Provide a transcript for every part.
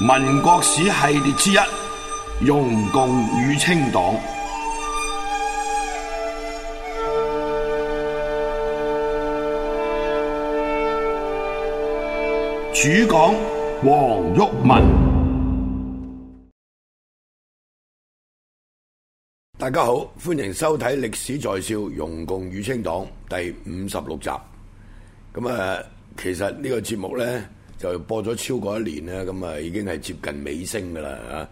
民國史系列之一《容共與清黨》，主講黃毓民。大家好，歡迎收睇《歷史在笑容共與清黨》第五十六集。咁啊，其實這個節呢個節目咧，就播咗超過一年咧，咁啊已經係接近尾聲噶啦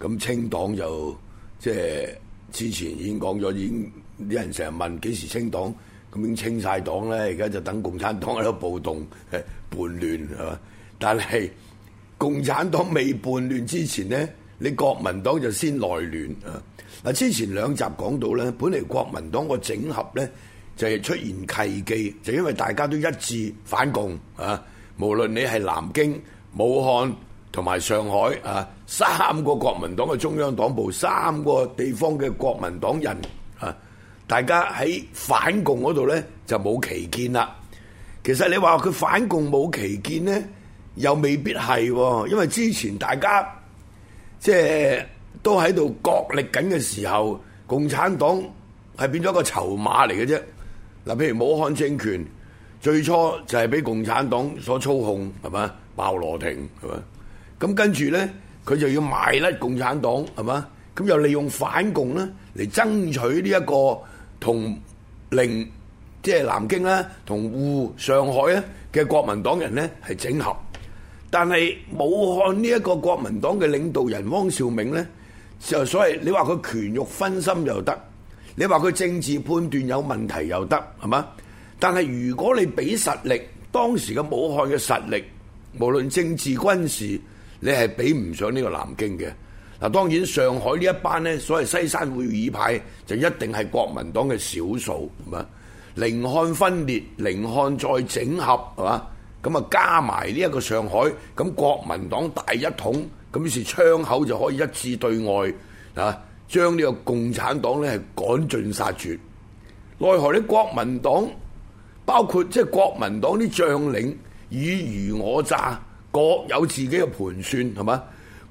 嚇。咁清黨就即係之前已經講咗，已經啲人成日問幾時清黨，咁清晒黨咧，而家就等共產黨喺度暴動叛亂係嘛？但係共產黨未叛亂之前咧，你國民黨就先內亂啊！嗱，之前兩集講到咧，本嚟國民黨個整合咧就係出現契機，就因為大家都一致反共啊。無論你係南京、武漢同埋上海啊，三個國民黨嘅中央黨部，三個地方嘅國民黨人啊，大家喺反共嗰度呢就冇歧見啦。其實你話佢反共冇歧見呢，又未必係，因為之前大家即都喺度角力緊嘅時候，共產黨係變咗個籌碼嚟嘅啫。嗱，譬如武漢政權。最初就係俾共產黨所操控，係嘛？鮑羅廷係嘛？咁跟住呢，佢就要賣甩共產黨，係嘛？咁又利用反共呢，嚟爭取呢一個同令即係南京咧，同滬上海咧嘅國民黨人呢，係整合。但係武漢呢一個國民黨嘅領導人汪兆銘呢，就所以所謂你話佢權慾分心又得，你話佢政治判斷有問題又得，係嘛？但係如果你比實力，當時嘅武漢嘅實力，無論政治軍事，你係比唔上呢個南京嘅。嗱，當然上海呢一班咧，所謂西山會議派就一定係國民黨嘅少數，咁啊，寧漢分裂，寧漢再整合，係嘛？咁啊，加埋呢一個上海，咁國民黨大一統，咁於是槍口就可以一致對外，啊，將呢個共產黨呢係趕盡殺絕。奈何呢國民黨，包括即係國民黨啲將領爾虞我詐，各有自己嘅盤算，係嘛？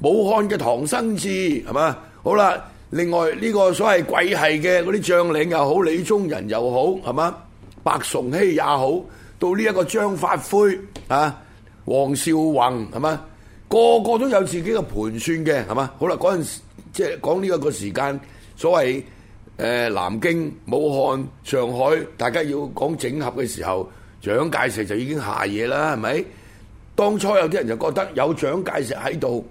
武漢嘅唐生智，係嘛？好啦，另外呢、這個所謂桂系嘅嗰啲將領又好，李宗仁又好，係嘛？白崇禧也好，到呢一個張發奎啊，黃紹竑，係嘛？個個都有自己嘅盤算嘅，係嘛？好啦，嗰陣時即係講呢一個時間，所謂。誒南京、武漢、上海，大家要講整合嘅時候，蔣介石就已經下野啦，係咪？當初有啲人就覺得有蔣介石喺度，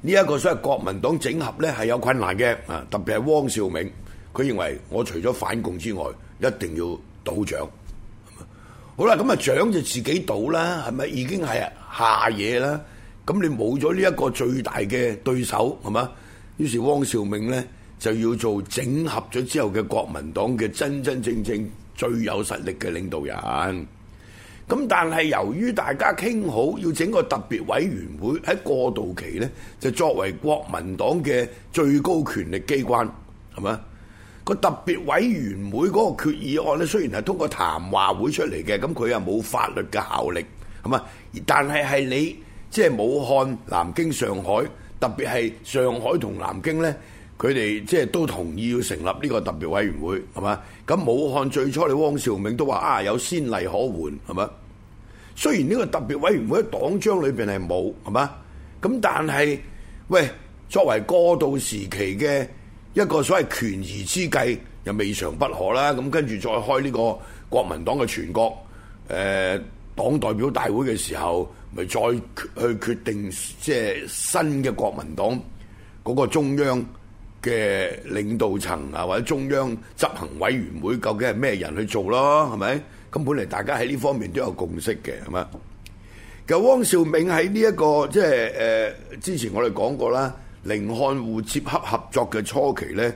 呢、這、一個所謂國民黨整合咧係有困難嘅啊，特別係汪兆銘，佢認為我除咗反共之外，一定要倒蔣。好啦，咁啊蔣就自己倒啦，係咪已經係下野啦？咁你冇咗呢一個最大嘅對手，係嘛？於是汪兆銘咧。就要做整合咗之後嘅國民黨嘅真真正正最有實力嘅領導人。咁但係由於大家傾好要整個特別委員會喺過渡期呢，就作為國民黨嘅最高權力機關，係咪？啊個特別委員會嗰個決議案呢，雖然係通過談話會出嚟嘅，咁佢又冇法律嘅效力，係嘛？但係係你，即係、就是、武漢、南京、上海，特別係上海同南京呢。佢哋即係都同意要成立呢個特別委員會，係嘛？咁武漢最初嘅汪兆銘都話啊，有先例可援，係嘛？雖然呢個特別委員會喺黨章裏邊係冇，係嘛？咁但係，喂，作為過渡時期嘅一個所謂權宜之計又未嘗不可啦。咁跟住再開呢個國民黨嘅全國誒黨、呃、代表大會嘅時候，咪再去決定即係、就是、新嘅國民黨嗰個中央。嘅領導層啊，或者中央執行委員會究竟係咩人去做咯？係咪？咁本來大家喺呢方面都有共識嘅，係嘛？就汪兆銘喺呢一個即係誒、呃，之前我哋講過啦，寧漢互接洽合作嘅初期呢，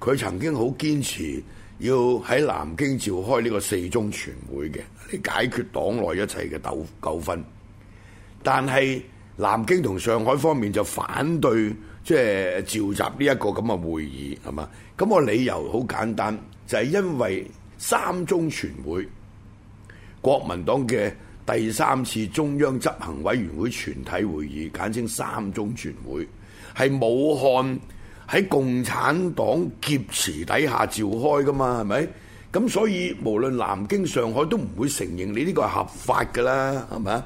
佢曾經好堅持要喺南京召開呢個四中全會嘅，嚟解決黨內一切嘅鬥糾紛。但係南京同上海方面就反對。即係召集呢一個咁嘅會議，係嘛？咁我理由好簡單，就係因為三中全會，國民黨嘅第三次中央執行委員會全體會議，簡稱三中全會，係武漢喺共產黨劫持底下召開噶嘛，係咪？咁所以無論南京、上海都唔會承認你呢個係合法㗎啦，係咪？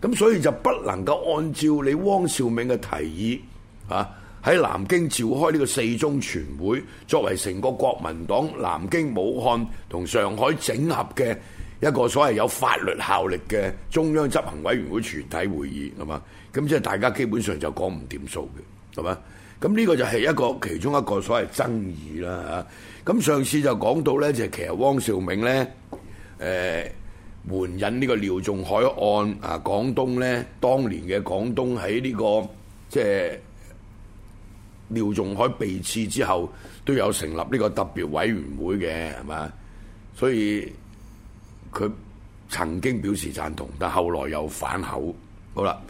咁所以就不能夠按照你汪兆銘嘅提議啊！喺南京召開呢個四中全會，作為成個國民黨南京、武漢同上海整合嘅一個所謂有法律效力嘅中央執行委員會全體會議，係嘛？咁即係大家基本上就講唔掂數嘅，係嘛？咁呢個就係一個其中一個所謂爭議啦嚇。咁上次就講到呢，就係、其實汪兆銘呢誒、呃，援引呢個廖仲愷案啊，廣東呢當年嘅廣東喺呢、呢個即係。廖仲愷被刺之後，都有成立呢個特別委員會嘅，係嘛？所以佢曾經表示贊同，但後來又反口。好啦，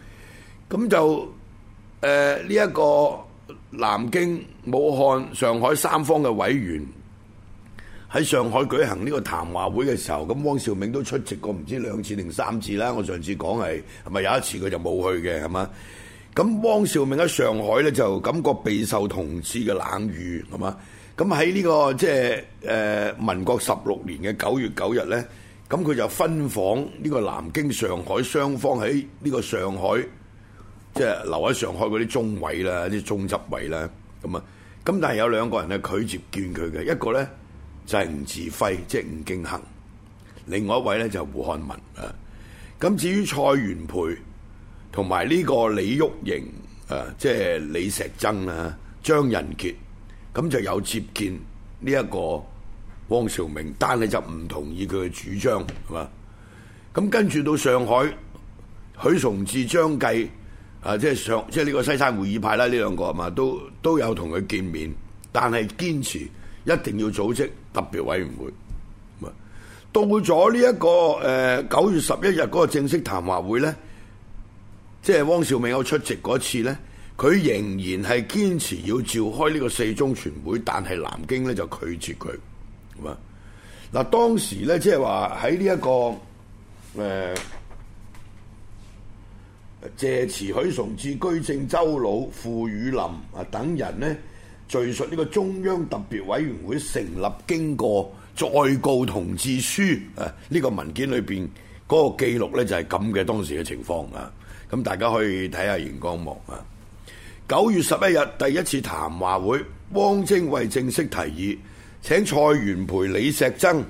咁就誒呢一個南京、武漢、上海三方嘅委員喺上海舉行呢個談話會嘅時候，咁汪兆銘都出席過唔知兩次定三次啦。我上次講係，係咪有一次佢就冇去嘅，係嘛？咁汪兆銘喺上海咧就感覺，備受同志嘅冷遇，係嘛？咁喺呢個即係誒民國十六年嘅九月九日咧，咁佢就分訪呢個南京、上海雙方喺呢個上海，即係留喺上海嗰啲中委啦、啲中執委啦，咁啊，咁但係有兩個人咧拒絕見佢嘅，一個咧就係吳稚暉，即係吳敬恆；另外一位咧就係胡漢民啊。咁至於蔡元培。同埋呢個李煜瀛，即、啊、係、就是、李石曾、啦、啊、張人傑，咁就有接見呢一個汪兆銘，但係就唔同意佢嘅主張，係嘛？咁跟住到上海，許崇智、張繼，啊即係、就是、上即係呢個西山會議派啦，呢兩個係嘛都都有同佢見面，但係堅持一定要組織特別委員會。到咗呢一個誒九、呃、月十一日嗰個正式談話會咧。即係汪兆銘有出席嗰次呢，佢仍然係堅持要召開呢個四中全會，但係南京咧就拒絕佢。咁啊，嗱當時呢即係話喺呢一個誒、呃，謝詞許崇智、居正、周老、傅雨林、啊等人呢敘述呢個中央特別委員會成立經過、再告同志書啊呢、這個文件裏邊嗰個記錄呢就係咁嘅當時嘅情況啊。咁大家可以睇下《螢光幕9月11日》啊！九月十一日第一次談話會，汪精衛正式提議請蔡元培、李石曾、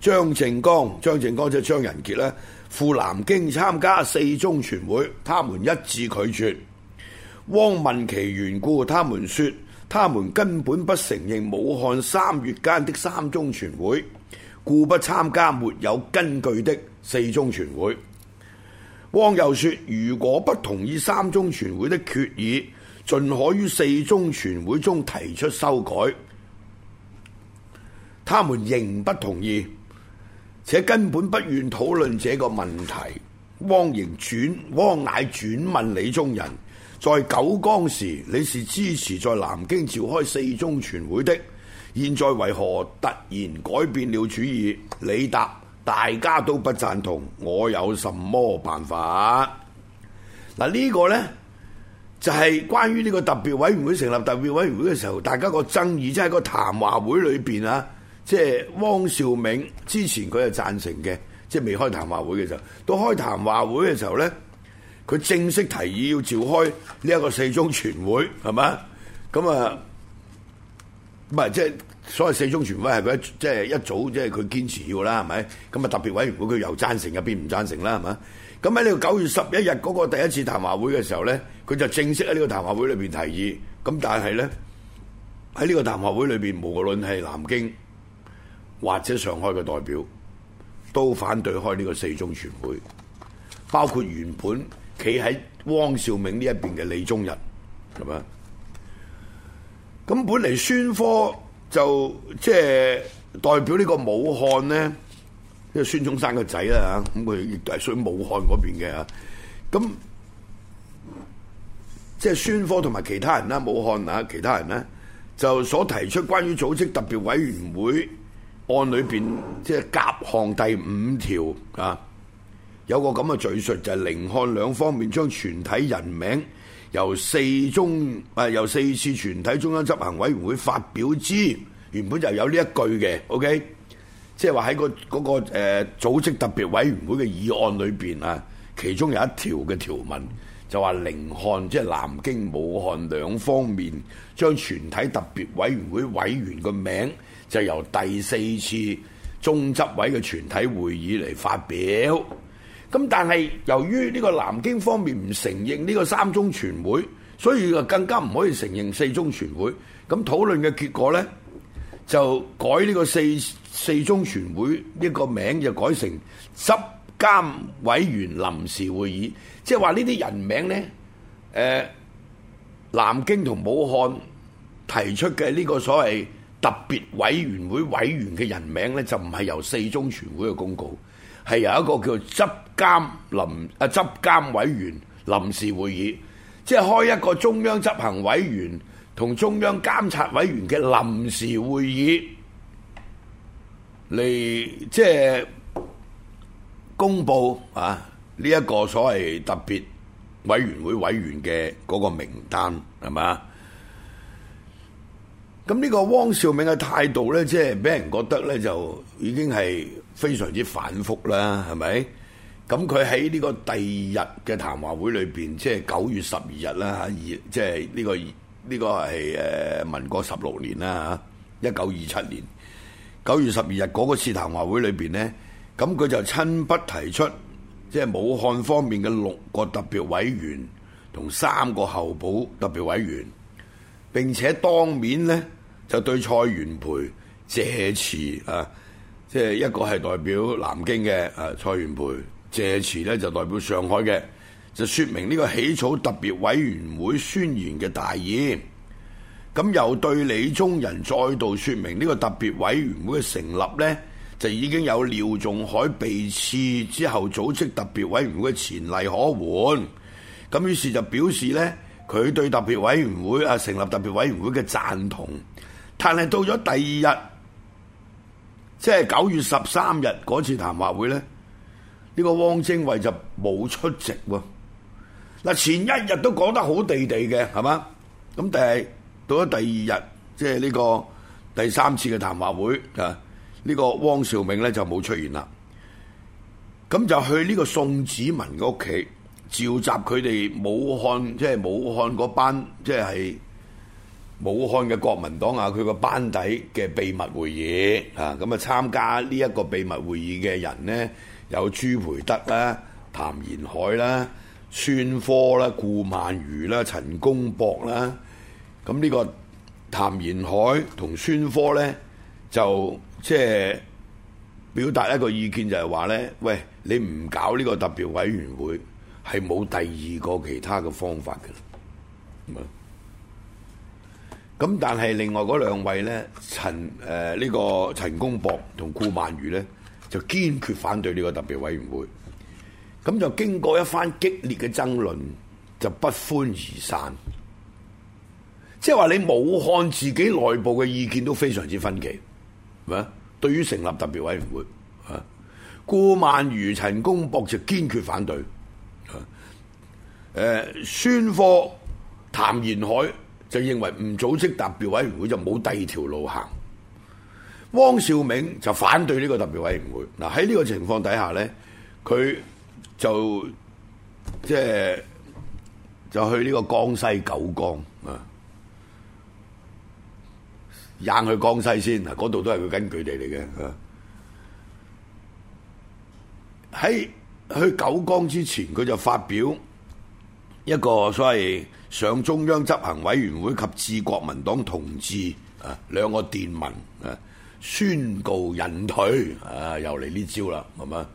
張靜江、張靜江即係張人傑赴南京參加四中全會，他們一致拒絕。汪問其緣故，他們說：他們根本不承認武漢三月間的三中全會，故不參加沒有根據的四中全會。汪又說：如果不同意三中全會的決議，盡可於四中全會中提出修改。他們仍不同意，且根本不願討論這個問題。汪仍轉汪乃轉問李宗仁：在九江時，你是支持在南京召開四中全會的，現在為何突然改變了主意？李答。大家都不贊同，我有什麼辦法？嗱、啊，呢、這個呢就係、是、關於呢個特別委員會成立特別委員會嘅時候，大家個爭議，即係個談話會裏邊啊，即、就、係、是、汪兆銘之前佢係贊成嘅，即、就、係、是、未開談話會嘅時候，到開談話會嘅時候呢，佢正式提議要召開呢一個四中全會，係嘛？咁啊，唔係即係。就是所謂四中全會係佢即係一早即係佢堅持要啦，係咪？咁啊，特別委員會佢又贊成又變唔贊成啦，係咪？咁喺呢個九月十一日嗰個第一次談話會嘅時候咧，佢就正式喺呢個談話會裏邊提議。咁但係咧喺呢個談話會裏邊，無論係南京或者上海嘅代表，都反對開呢個四中全會，包括原本企喺汪兆銘呢一邊嘅李宗仁，係咪？咁本嚟孫科。就即係代表呢個武漢呢，即係孫中山個仔啦吓，咁佢亦都係屬於武漢嗰邊嘅吓，咁即係孫科同埋其他人啦，武漢啊其他人呢，就所提出關於組織特別委員會案裏邊，即係甲項第五條啊，有個咁嘅敘述就係寧漢兩方面將全體人名。由四中、呃、由四次全體中央執行委員會發表之，原本就有呢一句嘅，OK，即係話喺個嗰、嗰個組、呃、組織特別委員會嘅議案裏面，啊，其中有一條嘅條文就話寧漢即係南京、武漢兩方面將全體特別委員會委員嘅名就由第四次中執委嘅全體會議嚟發表。咁但係由於呢個南京方面唔承認呢個三中全會，所以就更加唔可以承認四中全會。咁討論嘅結果呢，就改呢個四四中全會一個名，就改成執監委員臨時會議。即係話呢啲人名呢，誒、呃，南京同武漢提出嘅呢個所謂特別委員會委員嘅人名呢，就唔係由四中全會嘅公告，係由一個叫執監臨啊執監委員臨時會議，即係開一個中央執行委員同中央監察委員嘅臨時會議嚟，即係、就是、公布啊呢一、呢個所謂特別委員會委員嘅嗰個名單，係嘛？咁呢個汪兆銘嘅態度呢，即係俾人覺得呢，就已經係非常之反覆啦，係咪？咁佢喺呢個第二日嘅談話會裏面，即係九月十二日啦，即係呢個呢、呢個係誒民國十六年啦，嚇一九二七年九月十二日嗰個次談話會裏面呢，咁佢就親筆提出，即係武漢方面嘅六個特別委員同三個候補特別委員，並且當面呢。就對蔡元，蔡元培、謝詞啊，即係一個係代表南京嘅啊蔡元培、謝詞呢就代表上海嘅，就說明呢個起草特別委員會宣言嘅大意。咁又對李宗仁再度說明呢個特別委員會嘅成立呢就已經有廖仲愷被刺之後組織特別委員會嘅前例可援。咁於是就表示呢佢對特別委員會啊成立特別委員會嘅贊同。但係到咗第二日，即係九月十三日嗰次談話會咧，呢個汪精衛就冇出席喎。嗱，前一日都講得好地地嘅，係嘛？咁但係到咗第二日，即係呢個第三次嘅談話會啊，呢個汪兆銘咧就冇出現啦。咁就去呢個宋子文嘅屋企召集佢哋武漢，即係武漢嗰班，即係。武漢嘅國民黨啊，佢個班底嘅秘密會議啊，咁啊參加呢一個秘密會議嘅人呢，有朱培德啦、譚延闓啦、孫科啦、顧孟餘啦、陳公博啦。咁、啊、呢個譚延闓同孫科呢，就即係、就係、表達一個意見，就係話呢，喂，你唔搞呢個特別委員會，係冇第二個其他嘅方法嘅。咁但係另外嗰兩位咧，陳誒呢個陳公博同顧孟餘咧，就堅決反對呢個特別委員會。咁就經過一番激烈嘅爭論，就不歡而散。即係話你武漢自己內部嘅意見都非常之分歧，係咪啊？對於成立特別委員會，啊，顧孟餘、陳公博就堅決反對。誒、呃，孫科、譚延闓。就認為唔組織特別委員會就冇第二條路行。汪兆銘就反對呢個特別委員會。嗱，喺呢個情況底下咧，佢就即係、就係、就去呢個江西九江啊，硬去江西先嗱，嗰度都係佢根據地嚟嘅。喺去九江之前，佢就發表。一個所謂上中央執行委員會及致國民黨同志啊，兩個電文啊，宣告引退啊，又嚟呢招啦係嘛？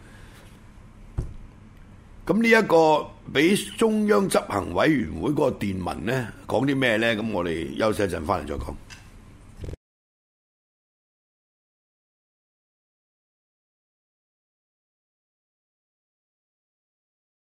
咁呢一個俾中央執行委員會個電文呢，講啲咩呢？咁我哋休息一陣翻嚟再講。